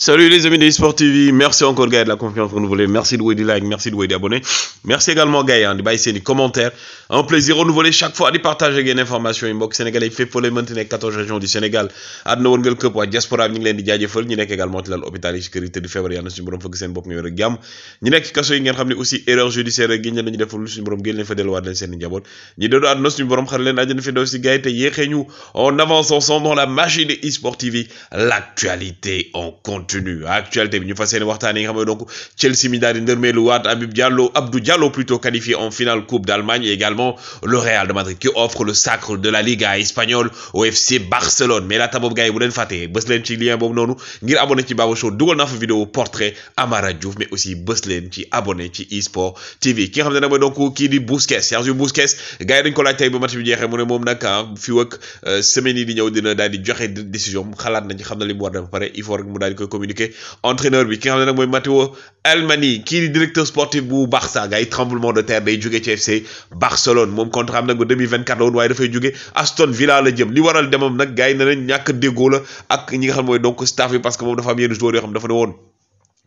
Salut les amis de Sport TV, merci encore gars de la confiance que vous voulez, merci de vous like, merci de vous abonner, merci également gars hein, de baisser les commentaires, un plaisir vous nous chaque fois de partager des information. inbox sénégalais fait pour les maintenir 14 régions du Sénégal, adna won ngel kep wa diaspora ñi ngi leen di jaajeufal ñi nek également ci de hôpital yi sécurité du février yalla suñu borom fëgg seen bop ñu wër Il ñi nek kasso yi ngeen xamni aussi erreur judiciaire gi ñen dañu deful suñu borom gën leen fa delu waat leen seen njabot que dodo adna suñu borom xar leen adina fi do ci gaay té yéxé ñu on avance ensemble dans la magie de Sport TV, l'actualité en compte continue hein. actualité ñu fas yéene waxtaan yi nga xam donc Chelsea mi daal di ndërmeelu waat Habib Diallo Abdou Diallo plutôt qualifié en finale Coupe d'Allemagne et également le Real de Madrid qui offre le sacre de la Liga espagnole au FC Barcelone mais la boobu gars bu len faté bëss len ci lien boobu nonu ngir abonné ci Baba Show dugal naa fa vidéo portrait Amara Diouf mais aussi bëss len ci abonné ci eSport TV ki nga xam ne donc ki di Busquets Sergio Busquets gars dañ ko laaj tay bu match bi jexé moom nak fi hein, fii euh, semaine yi di ñëw dina daal di joxé décision xalaat nañ xam na li mu war dafa paré ba il faut rek mu daal di communiqué entraîneur bi ki nga xam ne nag mooy Matteo Almani kii directeur sportif bu Barça gars yi tremblement de terre day jóge ci FC Barcelone moom contrat am nag ba 2024 la woon waaye dafay jóge Aston Villa la jëm li waral demam nag gars yi ne nañ ñàkk déggoo la ak ñi nga xam ne mooy donc staff bi parce que moom dafa am yenn joueurs yoo xam dafa ne woon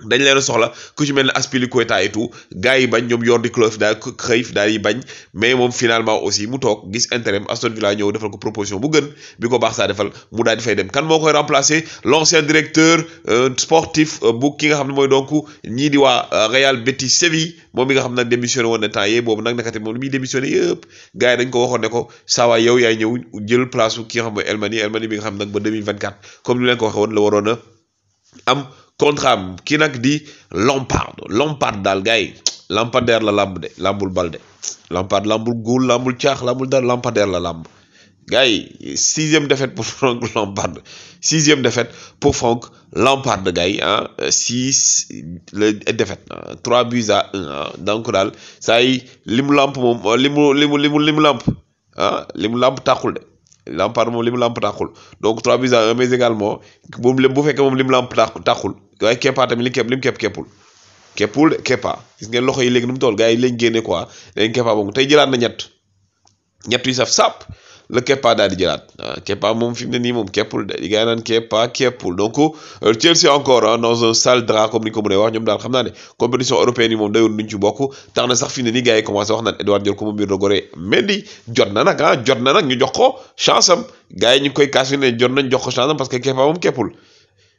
dañ leen soxla ku ci mel ne Aspilicueta et tout gars yi bañ ñoom Jordi Cruyff daal Cruyff daal yi bañ mais moom finalement aussi mu toog gis intérim Aston Villa ñëw defal ko proposition bu gën bi ko Barça defal mu daal di dem kan moo koy remplacer l'ancien directeur euh, sportif euh, bu ki nga xam ne mooy donc ñii di waa euh, Real Betis Séville moom mi nga xam nag démissionné woon na temps yee boobu nag nekkati moom li muy démissionné yëpp gars yi dañ jël place ki nga xam mooy Elmani Elmani bi nga xam nag am contre am kii di Lampard Lampard daal gars yi la lambe, Lambul Balde Lampard goul, lambul làmbul caax làmbul Lampard Lampader la lambe, gars sixième défaite pour Franck Lampard sixième défaite pour Franck Lampard de yi Hein? six la défaite hein. trois buts à un ah donc daal ça y li mu làmp moom euh, li mu li mu li mu li hein. mu làmp de. Lampard moom li mu làmp donc trois buts à un mais également moom bu fekkee moom li mu làmp tàqul waaye keppaa tamit li kepp li mu kepp keppul keppul loxo yi léegi nu mu toll gars yi lañ génne quoi léegi keppaa boobu tey jëlaat na ñett ñett yu saf sàpp la keppaa daal di jëlaat ah ne nii moom keppul de gars yi naan keppaa keppul donc euh, Chelsea encore dans un sale drap comme ni ko mënee wax ñoom daal xam naa ne compétition européenne yi moom dayoon duñ ci bokk tax na sax fi mu ne nii gars yi commencé wax naan Edouard Diol ko moom biir na gore Mendy jot na nag ah jot na nag ñu jox ko chance am gars yi ñu ngi koy kaas fi ne jot jox ko chance am parce que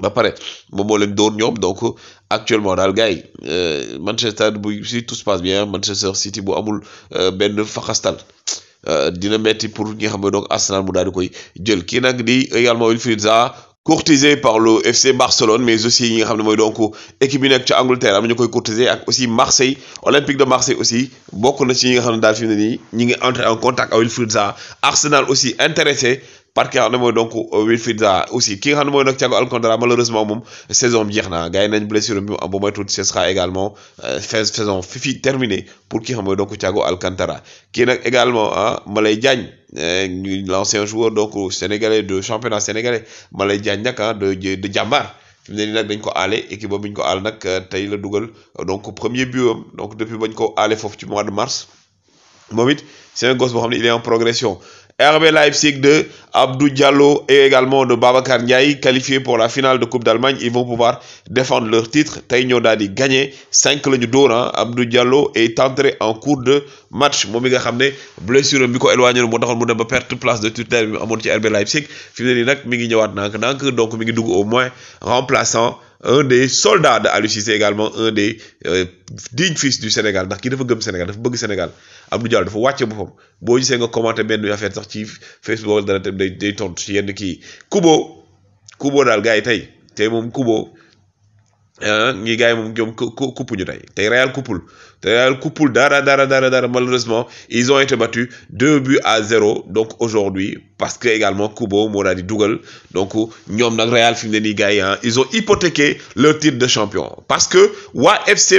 ba pare moom moo leen dóor ñoom donc actuellement daal le yi euh, Manchester bu tout se passe bien Manchester City bu amul euh, benn faxastal euh, dina metti pour ñi xam ne donc Arsenal mu daal di jël kii di également Wilfried Zaha courtisé par le FC Barcelone mais aussi ñi nga xam ne mooy donc équipe yi nekk ca Angleterre am ñu koy courtisé ak aussi Marseille Olympique de Marseille aussi bokk na ci ñi nga xam ne daal fi mu ñi ngi entrer en contact avec Wilfried Zaha Arsenal aussi intéressé parce que nga donc euh, Wilfried Zaha aussi qui nga xam ne mooy Thiago Alcantara malheureusement mom saison bi jeex na gars yi nañ blessure bi am bu may tout ce sera également euh, saison fini terminée pour qui nga moy donc Thiago Alcantara qui nak également ah Malay Diagne euh, l'ancien joueur donc sénégalais de championnat sénégalais Malay Diagne nak ah, de de Jàmbaar fi mu ne dañ ko aale équipe boobu ko aal nak tay la donc premier but donc depuis bañ ko aale foofu ci mois de mars momit c'est un gosse bo xamni il est en progression RB Leipzig de Abdou Diallo et également de Babacar Ndiaye, qualifiés pour la finale de Coupe d'Allemagne. Ils vont pouvoir défendre leur titre. Taïno Dadi gagné 5 le Abdou Diallo est entré en cours de match. Momi nga blessure Miko ko éloigné mo taxone mu place de tutelle à RB Leipzig. Finalement, ni nak donc mi au moins remplaçant un des soldats de Aliou Cissé également un des euh, dignes fils du Sénégal ndax ki dafa gëm Sénégal dafa bëgg Sénégal Abdou Diallo dafa wàcce bofam bo gisé nga commenté benn affaire sax ci Facebook dara tam day day tontu ci yenn ki Kubo Kubo dal gars tay tey mom Koubo. Kubo. Euh, malheureusement ils ont été battus 2 buts à 0 donc aujourd'hui parce que également Kubo moo daal donc ils ont hypothéqué leur titre de champion parce que waa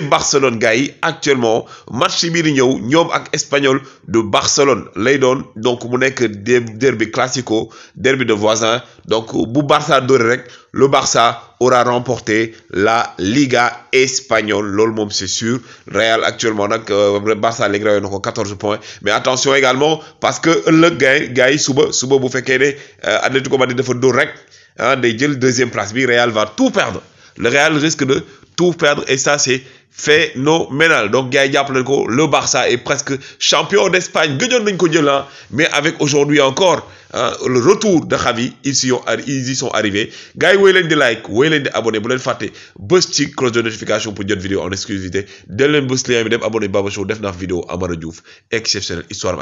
Barcelone Gaï actuellement match bii di Espagnol de Barcelone lay doon donc mu nekk derby classico derby de voisin donc, bu Barça dóore le Barça aura remporté la Liga espagnole L'ol c'est sûr Real actuellement le euh, Barça a rawee 14 points mais attention également parce que le gars il suba suba bu euh, ah, deuxième place Le Real va tout perdre le Real risque de tout perdre et ça c'est phénoménal donc le Barça est presque champion d'Espagne ah, mais avec aujourd'hui encore. Euh, le retour de Xavi ils y ont ils y sont arrivés gars yi woy leen di like woy leen di abonné bu leen fàtte ci cloche de notification pour d'autres vidéos en exclusivité Dès le bës lien bi dem abonné Baba Show def vidéos vidéo Amara Diouf exceptionnel histoire